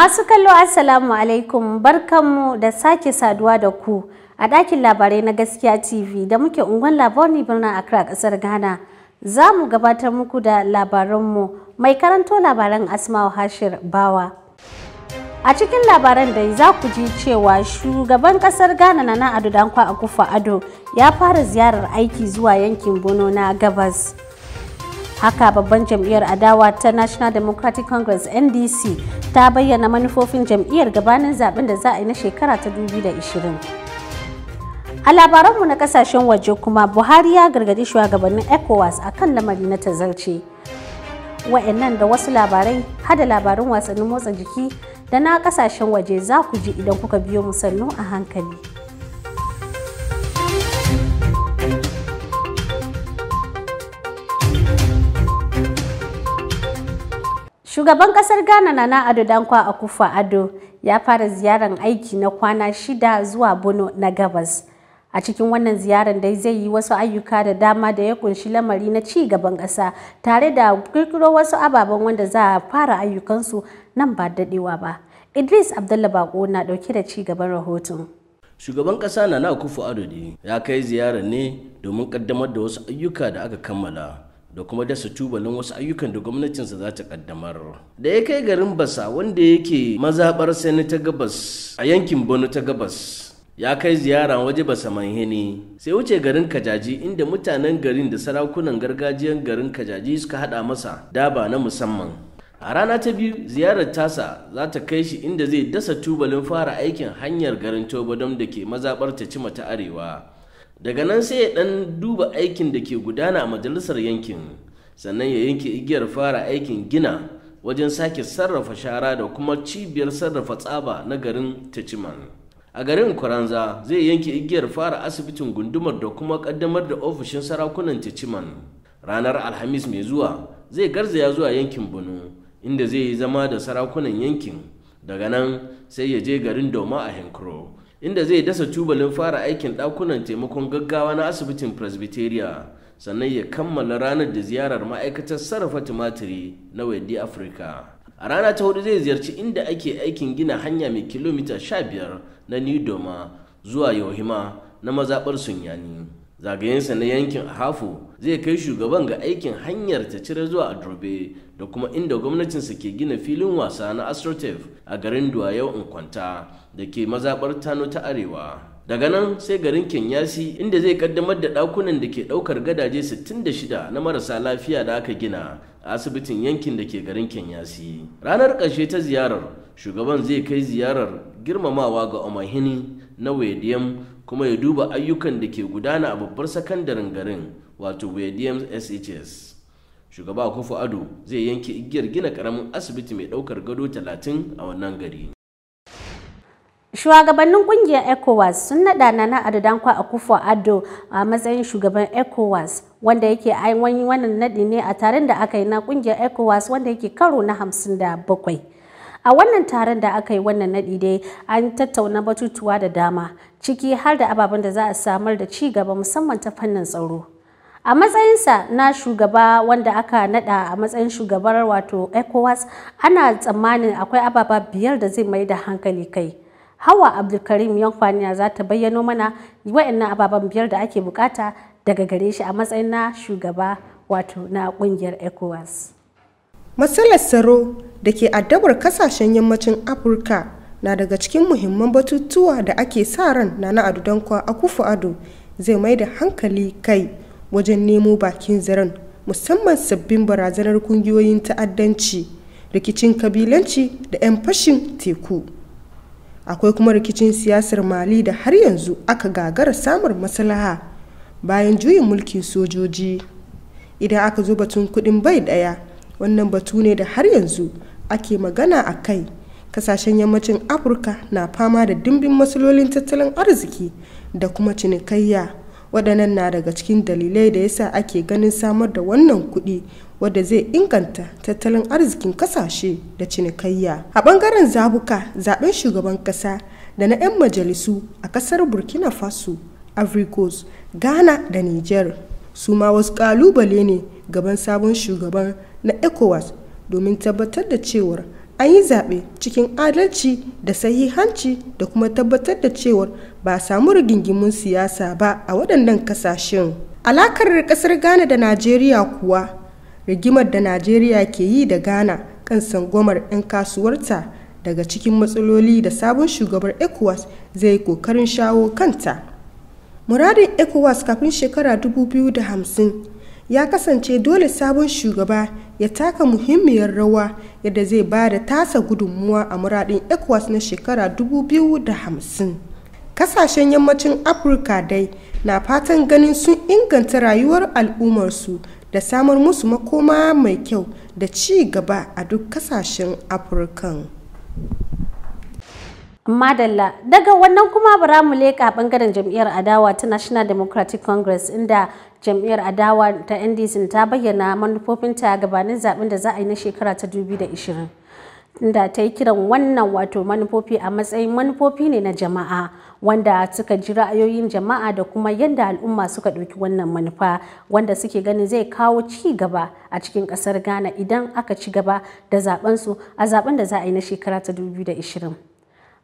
Masu kallo Assalamu alaikum barkanmu da sake saduwa da ku a ɗakin labarai na gaskiya TV da muke unguwan labarai birnin Accra ƙasar Ghana. Za mu gabatar muku da labaranmu mai karanto labaran asma Hashir Bawa. A cikin labaran da za ku ji cewa shugaban ƙasar Ghana na Ado Dankwa kufa Ado ya fara ziyarar aiki zuwa yankin Bono na Gabas. haka babban jam'iyyar adawa ta national democratic congress ndc ta bayyana manufofin jam'iyyar gabanin zaben da za a yi na shekara ta 2020 a labaranmu na kasashen waje kuma buhari ya gargadi shugabannin ecowas a kan lamari na tazarce wa'annan da wasu labarai hada labarin wasannin motsa jiki da na kasashen waje za ku ji idan kuka biyo mu sannu a hankali Shugaban kasar Ghana Nana Ado Dankwa akufa Ado ya fara ziyarar aiki na kwana shida zuwa Bono na Gabas. A cikin wannan ziyarar dai zai yi wasu ayyuka da dama da ya kunshi lamari na ci gaban ƙasa tare da kirkiro wasu ababen wanda za a fara ayyukansu nan ba dadewa ba. Idris abdullahi Bako na ɗauke da ci gaban rahoton. shugaban ƙasa na na kufu adodi ya kai ziyara ne domin ƙaddamar da wasu ayyuka da aka kammala da kuma dasa tubalin wasu ayyukan da gwamnatinsa za ta kaddamar da ya kai garin basa wanda yake mazaɓar sani ta gabas a yankin bono ta gabas ya kai ziyara waje basa manhini sai wuce garin kajaji inda mutanen garin da sarakunan gargajiyar garin kajaji suka haɗa masa daba na musamman a rana ta biyu ziyarar tasa za ta kai shi inda zai dasa tubalin fara aikin hanyar garin tobodom da ke mazaɓar ta cima ta arewa daga nan sai ya ɗan duba aikin da ke gudana a majalisar yankin sannan ya yanke igiyar fara aikin gina wajen sake sarrafa shara da kuma cibiyar sarrafa tsaba na garin Tichiman. a garin Kuranza zai yanke igiyar fara asibitin gundumar da kuma kaddamar da ofishin sarakunan Tichiman. Ranar Alhamis mai zuwa zai garzaya zuwa yankin Bono inda zai yi zama da sarakunan yankin daga nan sai ya je garin Doma a Henkro inda zai dasa tubalin fara aikin ɗakunan taimakon gaggawa na asibitin presbyteria sannan ya kammala ranar da ziyarar ma'aikatar sarrafa tumatiri na wendy africa a rana ta hudu zai ziyarci inda ake aikin gina hanya mai kilomita 15 na new doma zuwa yohima na mazaɓar sunyani zagayensa na yankin hafu zai kai shugaban ga aikin hanyar ta cire zuwa a drobe da kuma inda gwamnatinsa ke gina filin wasa na astrotef a garin duwayo in kwanta da ke mazabar tano ta arewa daga nan sai garin kenyasi inda zai kaddamar da ɗakunan da ke ɗaukar gadaje 66 na marasa lafiya da aka gina a asibitin yankin da ke garin kenyasi ranar ƙarshe ta ziyarar shugaban zai kai ziyarar girmamawa ga omahini na wediyam kuma ya duba ayyukan da ke gudana a babbar sakandaren garin wato williams shs shugaba kufu ado zai yanke igiyar gina karamin asibiti mai daukar gado 30 a wannan gari shugabannin kungiyar ecowas sun nada na adadankwa a kufa ado a matsayin shugaban ecowas wanda yake wani wannan nadi ne a tarin da aka yi na kungiyar ecowas wanda yake karo na 57 a wannan taron da aka yi wannan naɗi dai an tattauna batutuwa da dama ciki har da ababen da za a samar da ci gaba musamman ta fannin tsaro a matsayinsa na shugaba wanda aka nada a matsayin shugabar wato ecowas ana tsammanin akwai ababa biyar da zai mai da hankali kai hawa abdulkarim yankwaniya za ta bayyano mana wa'annan ababen biyar da ake bukata daga gare shi a matsayin na shugaba wato na kungiyar ecowas matsalar tsaro da ke addabar kasashen yammacin afirka na daga cikin muhimman batutuwa da ake sa ran na na adu a kufu ado zai mai da hankali kai wajen nemo bakin zaren musamman sabbin barazanar kungiyoyin ta'addanci rikicin kabilanci da 'yan fashin teku akwai kuma rikicin siyasar mali da har yanzu aka gagara samun maslaha bayan juyin mulkin sojoji idan aka zo batun kudin bai daya wannan batu ne da har yanzu ake magana a kai kasashen yammacin afirka na fama da dimbin matsalolin tattalin arziki da kuma cinikayya waɗannan na daga cikin dalilai da yasa ake ganin samar da wannan kuɗi wadda zai inganta tattalin arzikin kasashe da cinikayya a ɓangaren zabuka zaɓen shugaban ƙasa da na 'yan majalisu a ƙasar burkina faso africos ghana da niger su ma wasu ƙalubale ne gaban sabon shugaban na ecowas domin tabbatar da cewar an yi zaɓe cikin adalci da sahihanci da kuma tabbatar da cewar ba a samu rigingimun siyasa ba a waɗannan ƙasashen. alakar ƙasar ghana da najeriya kuwa rigimar da najeriya ke yi da ghana kan sangomar 'yan kasuwarta daga cikin matsaloli da sabon shugabar ecowas zai kokarin shawo kanta muradin ecowas kafin shekara 2050 ya kasance dole sabon shugaba ya taka muhimmiyar rawa yadda zai ba da tasa gudunmuwa a muradin ecowas na shekara 2050 kasashen yammacin afirka dai na fatan ganin sun inganta rayuwar al'ummarsu da samar musu makoma mai kyau da ci gaba a duk kasashen afirkan madalla daga wannan kuma bara mu leƙa ɓangaren jam'iyyar adawa ta national democratic congress inda jam'iyyar adawa ta ndc ta bayyana manufofinta gabanin zaben da za a yi na shekara ta 2020 da ta yi kiran wannan wato manufofi a matsayin manufofi ne na jama'a wanda suka ji ra'ayoyin jama'a da kuma yadda al'umma suka ɗauki wannan manufa wanda suke ganin zai kawo ci gaba a cikin ƙasar ghana idan aka ci gaba da zaben su a zaben da za a yi na shekara ta 2020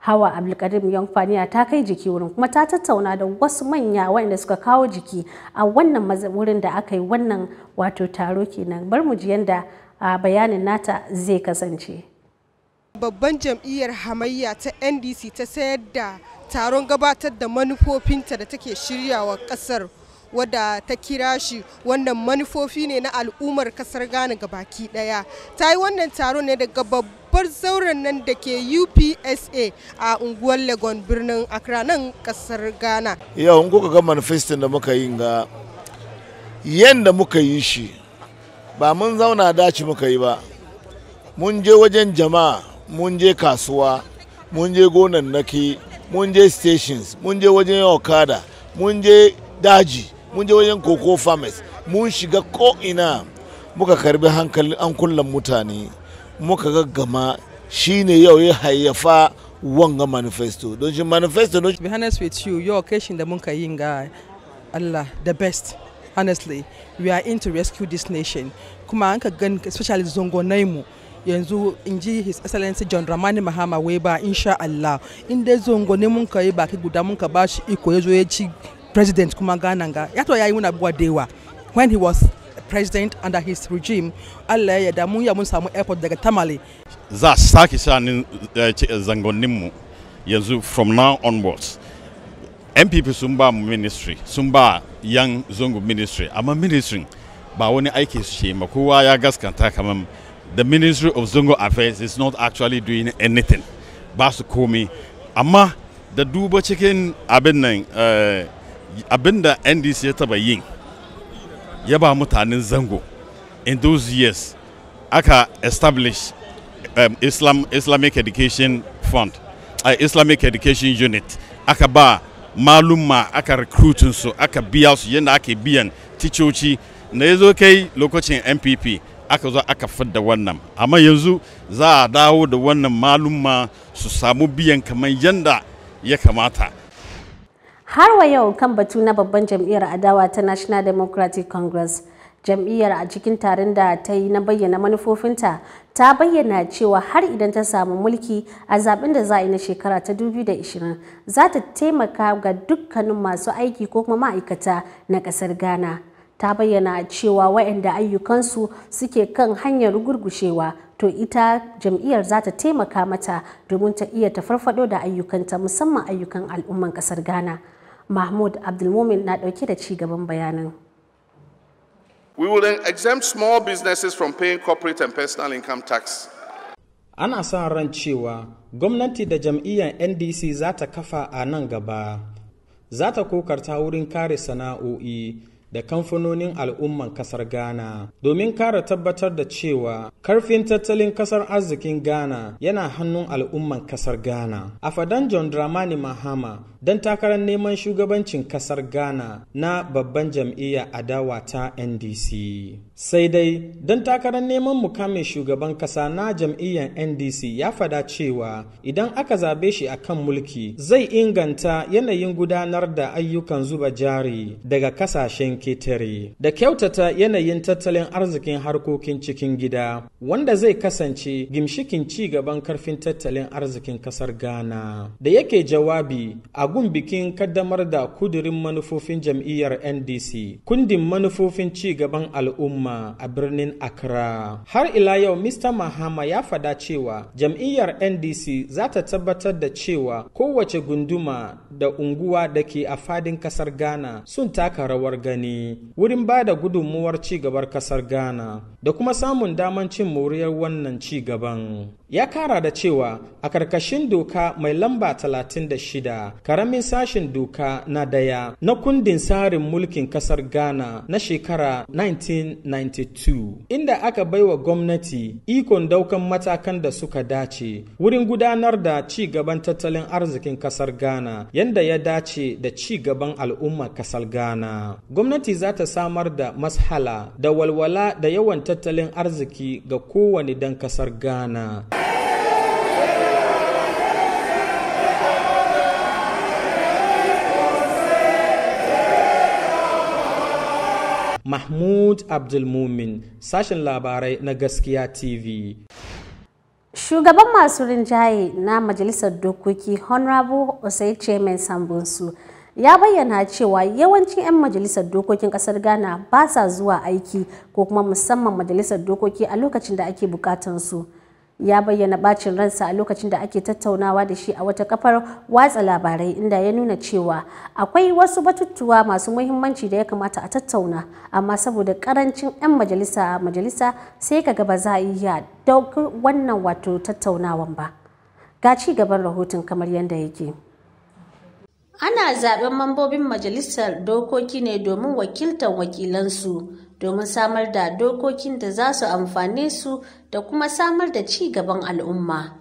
hawa abdulkarim yankwaniya ta kai jiki wurin kuma ta tattauna da wasu manya waɗanda suka kawo jiki a wannan wurin da aka yi wannan wato taro kenan bar mu ji yanda bayanin nata zai kasance babban jam'iyyar hamayya ta ndc ta sayar da taron gabatar da manufofinta da take shiryawa kasar wadda ta kira shi wannan manufofi ne na al'ummar kasar Ghana baki ɗaya ta yi wannan taron ne daga babban babbar sauran nan da ke upsa a unguwar legon birnin accra nan kasar ghana yau in kuka ga manifestin da muka yi ga yadda muka yi shi ba mun zauna dace muka yi ba mun je wajen jama'a mun je kasuwa mun je gonannaki mun je stations mun je wajen okada mun je daji mun je wajen koko farmers mun shiga ko'ina muka karbi hankalin an kullum mutane muka gaggama shine yau ya hayyafa wanga manifesto don shi manifesto don be honest with you your occasion da muka yin ga Allah the best honestly we are in to rescue this nation kuma an ka gan especially Zongo Na'imu. yanzu in ji his excellency john ramani mahama weba insha Allah in dai ne mun ka yi baki guda mun ka shi iko ya zo ya ci president kuma gana ga ya to yayi muna buwa dewa when he was president under his regime allah ya damu ya mun samu airport daga tamale za saki sake eh, eh, zangonin mu yanzu from now onwards npp sun ba mu ministry sun ba yan zongo ministry amma ministry ba wani aiki su ce ma kowa ya gaskanta kamar the ministry of zongo affairs is not actually doing anything ba su komi amma da duba cikin abin nan eh, abin da ndc ya taba yin ya ba mutanen zango in those years aka establish um, Islam, islamic education fund uh, islamic education unit aka ba malumma aka recruiting su aka biya su yadda ake biyan ticoci na ya zo kai lokacin npp aka zo aka fidda wannan amma yanzu za a dawo da wannan malumma su samu biyan kamar yadda ya kamata har wa yau kan batu na babban jam'iyyar adawa ta national democratic congress jam'iyyar a cikin taron da ta yi na bayyana manufofinta ta bayyana cewa har idan ta samu mulki a zaben da za a yi na shekara ta 2020 za ta taimaka ga dukkanin masu aiki ko kuma ma'aikata na kasar ghana ta bayyana cewa waɗanda ayyukansu suke kan hanyar gurgushewa to ita jam'iyyar za ta taimaka mata domin ta iya ta farfado da ayyukanta musamman ayyukan al'umman ƙasar ghana mahmoud abdulmumin na ɗauke da ci gaban bayanin We will then exempt small businesses from paying corporate and personal income tax. Ana sa ran cewa gwamnati da jam'iyyar NDC za ta kafa a nan gaba, za ta kokarta wurin kare sana'o'i da kamfanonin al'umman kasar Ghana domin kara tabbatar da cewa karfin tattalin kasar arzikin Ghana yana hannun al'umman kasar Ghana. A fadan John Dramani Mahama don takarar neman shugabancin kasar Ghana na babban jam'iyya adawa ta NDC. Sai dai don takarar neman mukamin shugaban kasa na jam'iyyar NDC ya fada cewa idan aka zabe shi akan mulki zai inganta yanayin gudanar da ayyukan zuba jari daga kasashen sakatare da kyautata yanayin tattalin arzikin harkokin cikin gida wanda zai kasance gimshikin ci gaban karfin tattalin arzikin kasar Ghana. Da yake jawabi a gun bikin kaddamar da kudurin manufofin jam'iyyar NDC, kundin manufofin ci gaban al'umma a birnin Accra. Har ila yau Mr. Mahama ya fada cewa jam'iyyar NDC za ta tabbatar da cewa kowace gunduma da unguwa da ke a fadin kasar Ghana sun taka rawar gani. birni wurin ba da gudunmuwar ci gabar kasar Ghana da kuma samun daman cin moriyar wannan ci gaban. Ya kara da cewa a karkashin doka mai lamba 36 karamin sashin doka na daya na kundin tsarin mulkin kasar Ghana na shekara 1992 inda aka baiwa gwamnati ikon daukan matakan da suka dace wurin gudanar da ci gaban tattalin arzikin kasar Ghana yadda ya dace da ci gaban al'ummar kasar Ghana. Gwamnati gwamnati za ta samar da mashala da walwala da yawan tattalin arziki ga kowane dan kasar ghana Mahmud Abdulmumin, sashen labarai na Gaskiya TV. Shugaban masu rinjaye na Majalisar Dokoki Honorable Osei Chairman Sambunsu ya bayyana cewa yawancin 'yan majalisar dokokin kasar ghana ba sa zuwa aiki ko kuma musamman majalisar dokoki a lokacin da ake su ya bayyana bacin ransa a lokacin da ake tattaunawa da shi a wata kafar watsa labarai inda ya nuna cewa akwai wasu batutuwa masu muhimmanci da ya kamata a tattauna amma saboda karancin 'yan majalisa a majalisa sai ka gaba za a iya daukar wannan wato tattaunawan ba ga ci gaban rahoton kamar yadda yake. Ana zaɓen mambobin majalisar dokoki ne domin wakiltar wakilansu domin samar da dokokin da za su amfane su da kuma samar da ci gaban al'umma.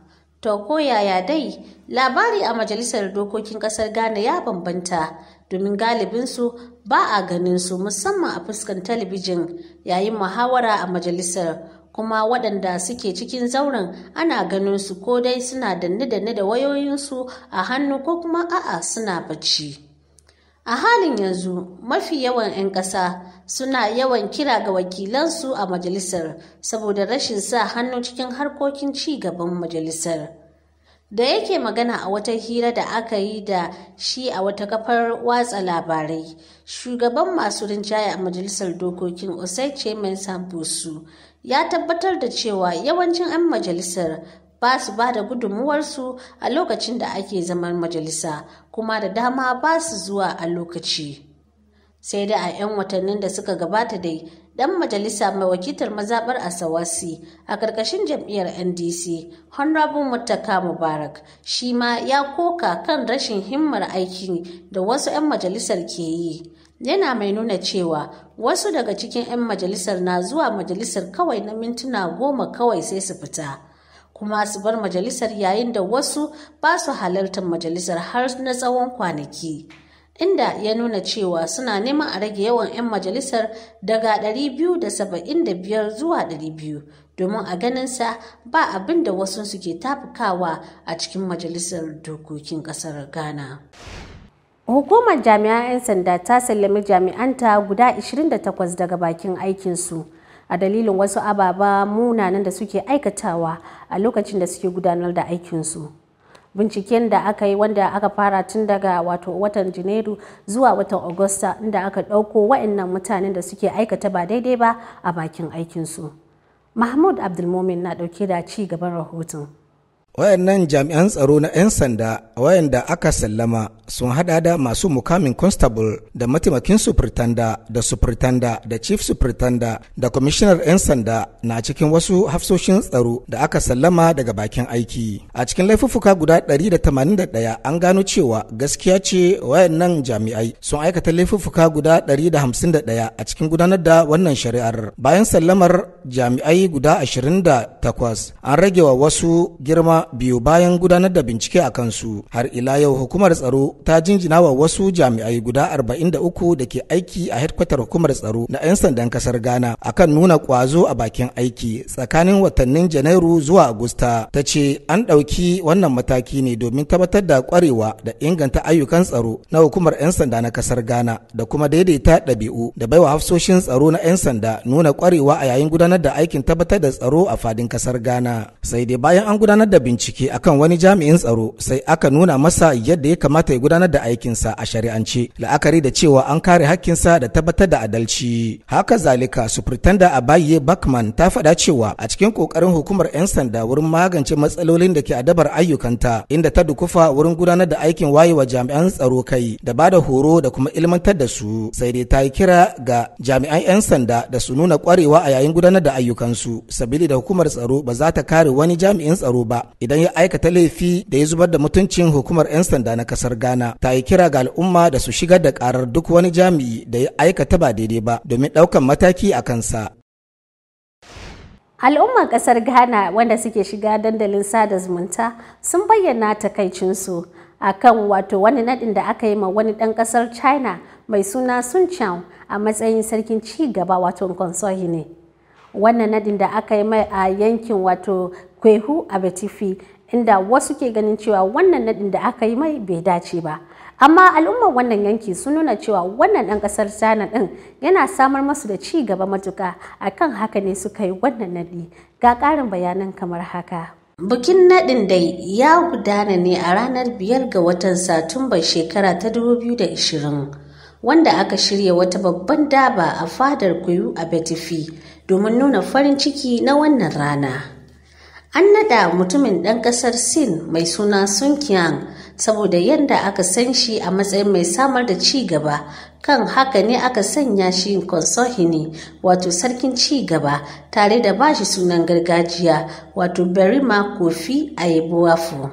To ko yaya dai labari a majalisar dokokin ƙasar Ghana ya bambanta domin galibinsu ba a ganin su musamman a fuskan talabijin yayin muhawara a majalisar kuma waɗanda suke cikin zauren ana ganin su ko dai suna danne-danne da wayoyinsu a hannu ko kuma a'a suna bacci. A halin yanzu mafi yawan 'yan ƙasa suna yawan kira ga wakilansu a majalisar saboda rashin sa hannu cikin harkokin ci gaban majalisar. da yake magana a wata hira da aka yi da shi a wata kafar watsa labarai shugaban masu rinjaya a majalisar dokokin osai chairman sambusu ya tabbatar da cewa yawancin 'yan majalisar ba su ba da gudunmuwarsu a lokacin da ake zaman majalisa kuma da dama ba su zuwa a lokaci sai da a 'yan watannin da suka gabata dai dan majalisa mai wakiltar mazabar asawasi a karkashin jam'iyyar ndc honorable mutaka mubarak shi ma ya koka kan rashin himmar aikin da wasu 'yan majalisar ke yi yana mai nuna cewa wasu daga cikin 'yan majalisar na zuwa majalisar kawai na mintuna goma kawai sai su fita kuma su bar majalisar yayin da wasu ba su halartar majalisar har na tsawon kwanaki inda ya nuna cewa suna neman a rage yawan 'yan majalisar daga 275 zuwa 200 domin a ganin sa ba abin da wasu suke tafukawa a cikin majalisar dokokin ƙasar ghana Hukumar jami'an 'yan sanda ta sallami jami'anta guda 28 daga bakin aikinsu a dalilin wasu ababa munanan da suke aikatawa a lokacin da suke gudanar da aikinsu. Binciken da aka yi wanda aka fara tun daga wato watan Janairu zuwa watan Agusta inda aka ɗauko wa'annan mutanen da suke aikata ba daidai ba a bakin aikinsu. Mahmud Abdulmomin na ɗauke da ci gaban rahoton. wayannan jami'an tsaro na 'yan sanda wayanda aka sallama sun hada da masu mukamin constable da mataimakin supertanda da supertanda da chief supertanda da commissioner 'yan sanda na cikin wasu hafsoshin tsaro da aka sallama daga bakin aiki a cikin laifuffuka guda 181 an gano cewa gaskiya ce wayannan jami'ai sun aikata laifuffuka guda 151 a cikin gudanar da wannan shari'ar bayan sallamar jami'ai guda 28 an rage wa wasu girma biyu bayan gudanar da bincike a kansu har ila yau hukumar tsaro ta jinjina wa wasu jami'ai guda arba'in da uku da ke aiki a hedkwatar hukumar tsaro na 'yan sandan kasar ghana akan nuna kwazo a bakin aiki tsakanin watannin janairu zuwa agusta ta ce an ɗauki wannan mataki ne domin tabbatar da kwarewa da inganta ayyukan tsaro na hukumar 'yan sanda na kasar ghana da kuma daidaita ɗabi'u da baiwa hafsoshin tsaro na 'yan sanda nuna kwarewa a yayin gudanar da aikin tabbatar da tsaro a fadin kasar ghana sai dai bayan an gudanar da bincike bincike akan wani jami'in tsaro sai aka nuna masa yadda ya kamata ya gudanar da aikinsa a shari'ance la'akari da cewa an kare hakkinsa da tabbatar da adalci haka zalika a abaye bakman ta faɗa cewa a cikin ƙoƙarin hukumar 'yan sanda wurin magance matsalolin da ke adabar ayyukanta inda ta dukufa wurin gudanar da aikin wayewa jami'an tsaro kai da ba da horo da kuma ilmantar da su sai dai ta yi kira ga jami'an 'yan sanda da su nuna ƙwarewa a yayin gudanar da ayyukansu sabili da hukumar tsaro ba za ta kare wani jami'in tsaro ba idan ya aikata laifi da ya zubar da mutuncin hukumar 'yan sanda na kasar ghana ta yi kira ga al'umma da su shigar da karar duk wani jami'i da ya aikata ba daidai ba domin ɗaukan mataki a kansa al'ummar kasar ghana wanda suke shiga dandalin sada zumunta sun bayyana takaicinsu a kan wato wani nadin da aka yi ma wani ɗan ƙasar china mai suna sun chao a matsayin sarkin ci gaba wato konsohi ne wannan nadin da aka yi mai a yankin wato Kwehu a betifi inda wasu ke ganin cewa wannan nadin da aka yi mai bai dace ba. Amma al'ummar wannan yanki sun nuna cewa wannan ɗan ƙasar China ɗin yana samar masu da ci gaba matuka akan haka ne suka yi wannan nadi. Ga ƙarin bayanan kamar haka. Bikin naɗin dai ya gudana ne a ranar biyar ga watan Satumba shekara ta 2020 wanda aka shirya wata babban daba a fadar kuyu a Betifi domin nuna farin ciki na wannan rana. An nada mutumin ɗan ƙasar Sin mai suna Sun Kyang saboda yadda aka san shi a matsayin mai samar da ci gaba kan haka ne aka sanya shi konsohini wato sarkin ci gaba tare da bashi sunan gargajiya wato berima kofi a yabuwafu.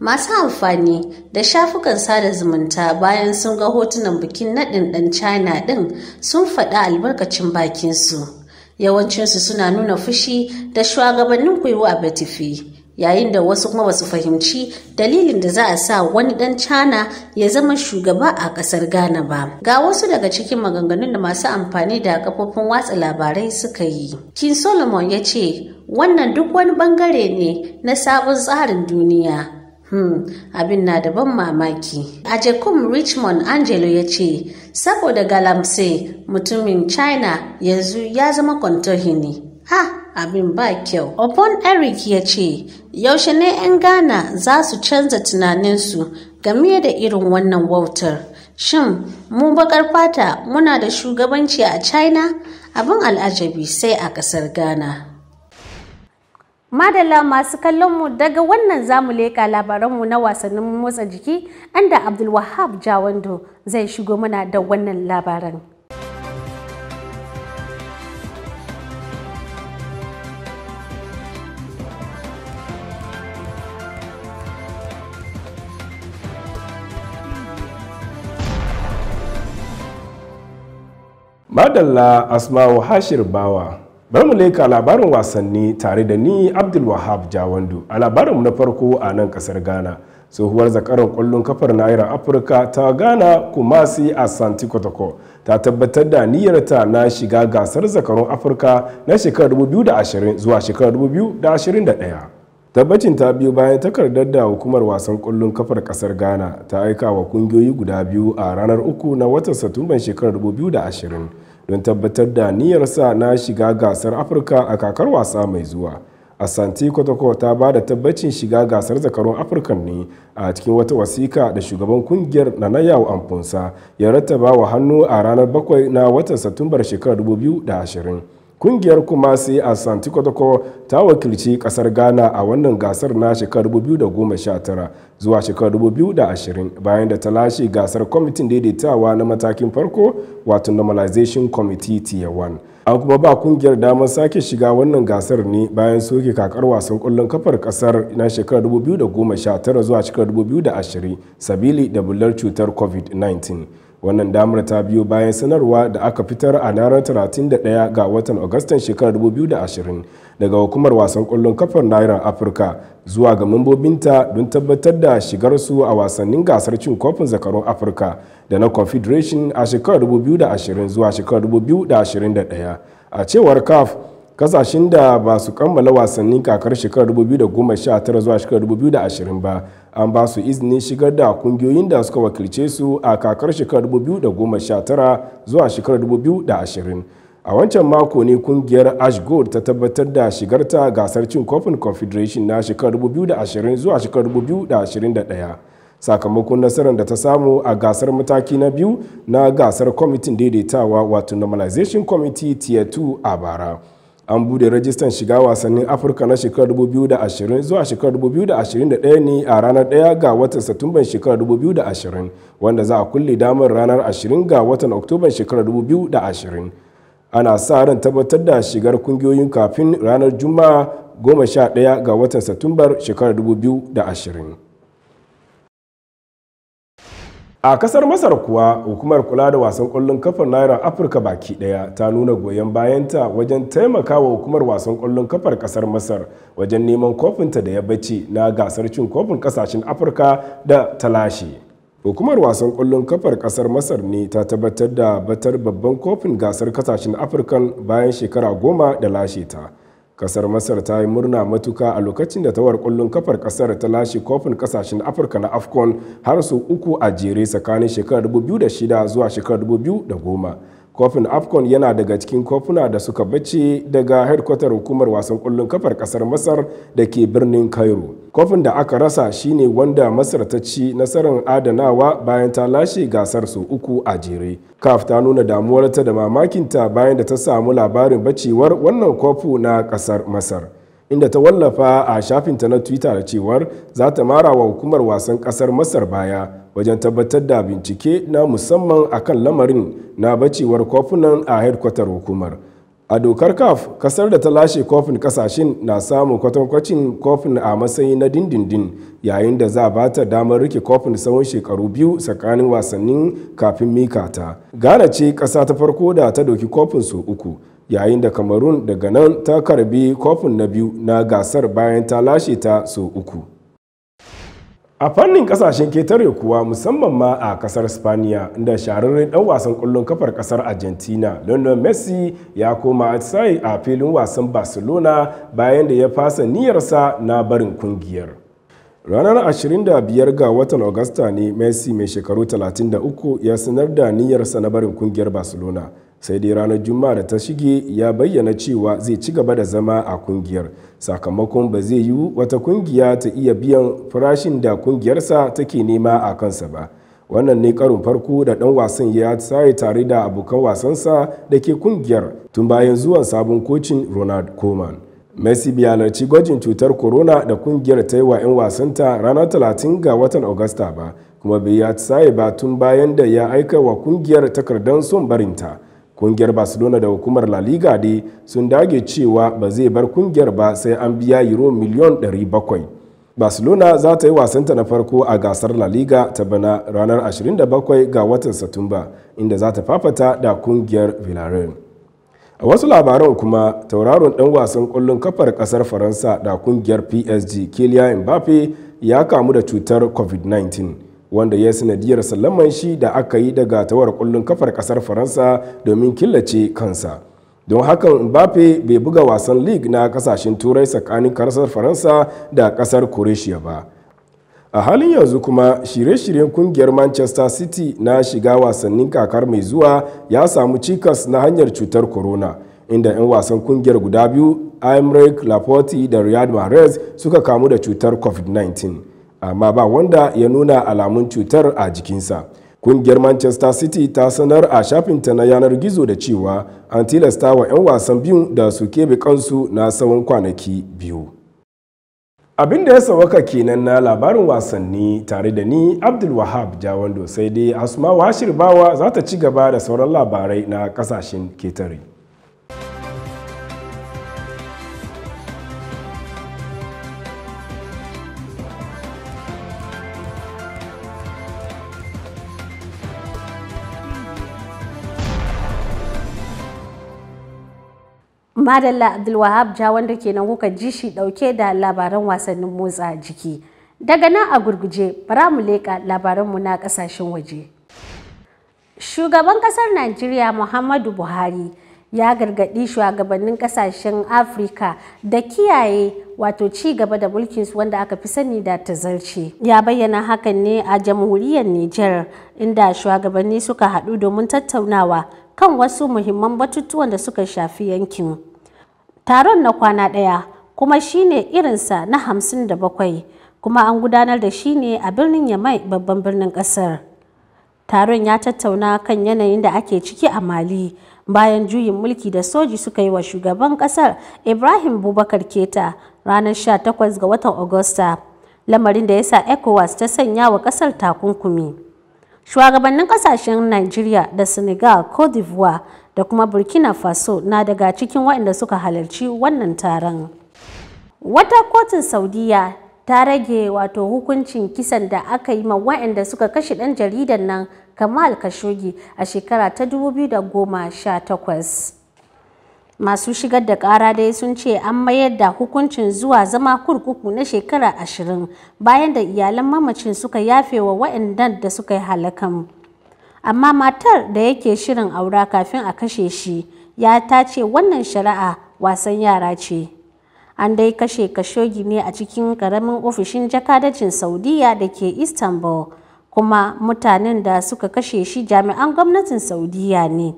masu amfani da shafukan sada zumunta bayan sun ga hotunan bikin naɗin ɗan china ɗin sun faɗa albarkacin su. yawancinsu suna nuna fushi da shugabannin kuiwa a batifi yayin da wasu kuma basu fahimci dalilin da za a sa wani dan cana ya zama shugaba a kasar ghana ba ga wasu daga cikin maganganun da masu amfani da kafofin watsa labarai suka yi king solomon ya ce wannan duk wani bangare ne na sabon tsarin duniya Hmm, abin na da ban mamaki. A Jekum Richmond Angelo ya ce, saboda galamse mutumin China yanzu ya zama kwantohini. Ha, abin ba kyau. Obon Eric ya ce, yaushe ne 'yan Ghana za su canza tunaninsu game da irin wannan wautar. Shin, mu bakar fata muna da shugabanci a China? Abin al'ajabi sai a ƙasar Ghana. Madala masu kallon mu daga wannan zamu leƙa labaranmu na wasannin motsa jiki, inda Abdulwahab Jawando zai shigo mana da wannan labaran. Madalla Asma'u Hashir Bawa bari mu leka labarin wasanni tare da ni abdul wahab jawandu a labarinmu na farko a nan kasar ghana tsohuwar zakarar kwallon kafar naira afirka ta ghana kumasi a santi kotoko ta tabbatar da niyyarta na shiga gasar zakarun afirka na shekarar 2020 zuwa shekarar 2021 tabbacin ta biyu bayan takardar da hukumar wasan kwallon kafar kasar ghana ta aika wa kungiyoyi guda biyu a ranar uku na watan satumban shekarar don tabbatar da niyyarsa na shiga gasar afirka a kakar wasa mai zuwa asante kotoko ta ba da tabbacin shiga gasar zakarun afirka ne a cikin wata wasika da shugaban kungiyar na na yawo amfonsa ya rattaba wa hannu a ranar 7 na watan satumbar shekarar 2020 kungiyar kuma sai a santikotoko ta wakilci kasar ghana a wannan gasar na shekarar 2019 zuwa shekarar 2020 bayan da ta lashe gasar kwamitin daidaitawa na matakin farko wato normalization committee tier 1 an kuma ba kungiyar damar sake shiga wannan gasar ne bayan soke kakar wasan kwallon kafar kasar na shekarar 2019 zuwa shekarar 2020 sabili da bular cutar covid-19 wannan damar ta biyo bayan sanarwa da aka fitar a ranar 31 ga watan agustan shekarar 2020 daga hukumar wasan kwallon kafar naira afirka zuwa ga mambobinta don tabbatar da shigar su a wasannin gasar cin kofin zakarun afirka da na confederation a shekarar 2020 zuwa shekarar 2021 a cewar caf kasashen da ba su kammala wasannin kakar shekarar 2019 zuwa shekarar 2020 ba an ba su izinin shigar da kungiyoyin da suka wakilce su a kakar shekarar 2019 zuwa shekarar 2020 a wancan mako ne kungiyar ashgold ta tabbatar da shigarta gasar cin kofin confederation na shekarar 2020 zuwa shekarar 2021 sakamakon nasarar da ta samu a gasar mataki na biyu na gasar kwamitin daidaitawa wato normalization committee tier 2 a bara an bude rajistan shiga wasannin afirka na shekarar 2020 zuwa shekarar 2021 ne a ranar 1 ga watan satumban shekarar 2020 wanda za a kulle damar ranar 20 ga watan oktoban shekarar 2020 ana sa ran tabbatar da shigar kungiyoyin kafin ranar juma'a 11 ga watan satumbar shekarar 2020 a kasar masar kuwa hukumar kula da wasan kwallon kafar naira afirka baki daya ta nuna goyon bayanta wajen taimakawa hukumar wasan kwallon kafar kasar masar wajen neman kofinta da ya bace na gasar cin kofin kasashen afirka da talashe hukumar wasan kwallon kafar kasar masar ne ta tabbatar da batar babban kofin gasar kasashen afirka bayan shekara goma da lashe ta kasar masar ta yi murna matuka a lokacin da tawar kullun kafar kasar ta lashe kofin kasashen afirka na afcon har su uku a jere tsakanin shekarar 2006 zuwa shekarar 2010 kofin afcon yana daga cikin kofuna da suka bace daga hedkwatar hukumar wasan kullun kafar kasar masar da ke birnin cairo kofin da aka rasa shine wanda masar ta ci nasarar adanawa bayan ta lashe gasar su uku a jere kaf ta nuna damuwarta da mamakinta bayan da ta samu labarin bacewar wannan kofu na kasar masar inda ta wallafa a shafinta na twitter da cewar za ta mara wa hukumar wasan kasar masar baya wajen tabbatar da bincike na musamman akan lamarin na bacewar kofunan a hedkwatar hukumar a dokar caf kasar da ta lashe kofin kasashen na samun kwatankwacin kofin a matsayi na dindindin yayin da za ba ta damar rike kofin tsawon shekaru biyu tsakanin wasannin kafin mika ta ghana ce kasa ta farko da ta doki kofin su uku yayin da cameroon daga nan ta karbi kofin na biyu na gasar bayan ta lashe ta su uku a fannin kasashen ketare kuwa musamman ma a kasar spaniya da shahararren dan wasan kullun kafar kasar argentina london messi ya koma atisaye a filin wasan barcelona bayan da ya fasa niyyarsa na barin kungiyar ranar 25 ga watan augusta ne messi mai shekaru 33 ya sanar da niyyarsa na barin kungiyar barcelona sai dai ranar juma'a da ta shige ya bayyana cewa zai ci gaba da zama a kungiyar sakamakon ba zai yi wata kungiya ta iya biyan farashin da kungiyarsa take nema a kansa ba wannan ne karin farko da dan wasan ya tsaye tare da abokan wasansa da ke kungiyar tun bayan zuwan sabon kocin ronald koman messi bai halarci gwajin cutar corona da kungiyar ta yi wa 'yan wasanta ranar 30 ga watan agusta ba kuma bai ya tsaye ba tun bayan da ya aika wa kungiyar takardar son barinta kungiyar barcelona da hukumar la liga dai sun dage cewa ba zai bar kungiyar ba sai an biya euro miliyon 700 barcelona za ta yi wasanta na farko a gasar la liga ta bana ranar 27 ga watan satumba inda za ta fafata da kungiyar villarreal a wasu labaran kuma tauraron dan wasan kwallon kafar kasar faransa da kungiyar psg kylian mbappe ya kamu da cutar covid-19 wanda ya sanadiyar sallaman shi da aka yi daga tawar kullun kafar kasar faransa domin killace kansa don hakan mbappe bai buga wasan league na kasashen turai tsakanin kasar faransa da kasar croatia ba a halin yanzu kuma shirye-shiryen kungiyar manchester city na shiga wasannin kakar mai zuwa ya samu cikas na hanyar cutar corona inda 'yan wasan kungiyar guda biyu imrek laporte da riyad mahrez suka kamu da cutar covid-19 amma ba wanda ya nuna alamun cutar a jikinsa kungiyar manchester city ta sanar a shafinta na yanar gizo da cewa an tilasta wa 'yan wasan biyu da su kebe kansu na tsawon kwanaki biyu abin da ya sauka kenan na labarin wasanni tare da ni abdul wahab jawando sai dai asma washir bawa za ta ci gaba da sauran labarai na kasashen ketare madalla abdulwahab ja wanda kenan kuka ji shi dauke da labaran wasannin motsa jiki daga nan a gurguje bara mu leƙa labaranmu na ƙasashen waje shugaban ƙasar najeriya muhammadu buhari ya gargaɗi shugabannin ƙasashen afirka da kiyaye wato ci gaba da mulkinsu wanda aka fi sani da tazarce. ya bayyana hakan ne a jamhuriyar nijar inda shugabanni suka haɗu domin tattaunawa kan wasu muhimman batutuwan da suka shafi yankin Taron na kwana ɗaya kuma shine ne irinsa na hamsin da bakwai kuma an gudanar da shi ne a birnin Yamai babban birnin ƙasar. Taron ya tattauna kan yanayin da ake ciki a Mali bayan juyin mulki da soji suka yi wa shugaban ƙasar Ibrahim Bubakar Keta ranar 18 ga watan Agusta, lamarin da ya sa ECOWAS ta sanya wa ƙasar takunkumi. Shugabannin ƙasashen Najeriya da Senegal, Cote d'Ivoire da kuma burkina faso na daga cikin waɗanda suka halarci wannan taron wata kotun saudiya ta rage wato hukuncin kisan da aka yi ma waɗanda suka kashe ɗan jaridan nan kamal kashogi a shekara ta 2018 masu shigar da kara dai sun ce an mayar da hukuncin zuwa zama kurkuku na shekara ashirin bayan da iyalan mamacin suka yafe wa waɗanda da suka yi halakan. amma matar da yake shirin aura kafin a kashe shi ya ta ce wannan shari'a wasan yara ce an dai kashe kashogi ne a cikin ƙaramin ofishin jakadacin saudiya da ke istanbul kuma mutanen da suka kashe shi jami'an gwamnatin saudiya ne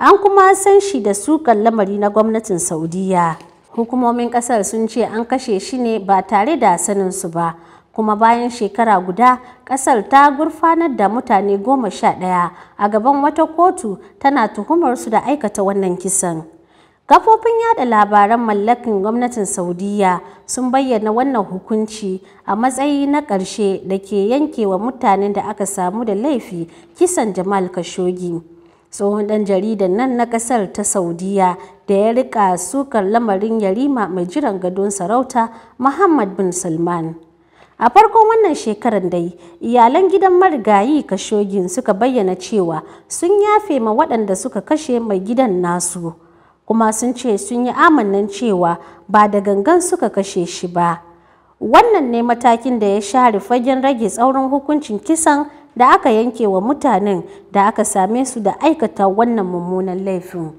an kuma san shi da sukan lamari na gwamnatin saudiya hukumomin ƙasar sun ce an kashe shi ne ba tare da saninsu ba kuma bayan shekara guda ƙasar ta gurfanar da mutane goma sha ɗaya a gaban wata kotu tana tuhumar su da aikata wannan kisan. Kafofin yada labaran mallakin gwamnatin Saudiya sun bayyana wannan hukunci a matsayi na ƙarshe da ke yankewa mutanen da aka samu da laifi kisan Jamal Khashoggi. Tsohon ɗan jaridan nan na ƙasar ta Saudiya da ya rika sukar lamarin yarima mai jiran gadon sarauta Muhammad bin Salman. A farko wannan shekarar dai, iyalan gidan marigayi Kashogin suka bayyana cewa sun yafe ma waɗanda suka kashe mai gidan nasu, kuma sun ce sun yi amannan cewa ba da gangan suka kashe shi ba. Wannan ne matakin da ya share fagen rage tsaurin hukuncin kisan da aka yanke wa mutanen da aka same su da aikata wannan mummunan laifin.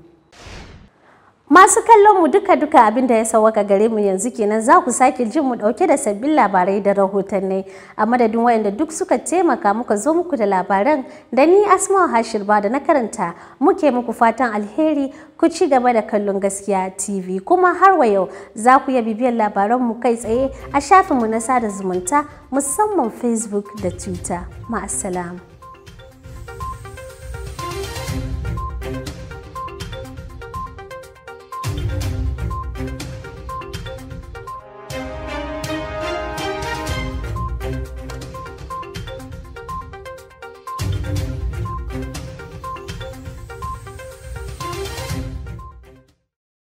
Masu kallon mu duka-duka abin da ya sauwaka gare mu yanzu kenan za ku sake jin mu dauke da sabbin labarai da rahotanni a madadin wayanda duk suka taimaka muka zo muku da labaran da ni Asma Hashir ba da na karanta muke muku fatan alheri ku ci gaba da kallon gaskiya TV kuma har wa yau za ku iya bibiyar labaran mu kai tsaye a shafin mu na sada zumunta musamman Facebook da Twitter. Ma'assalam.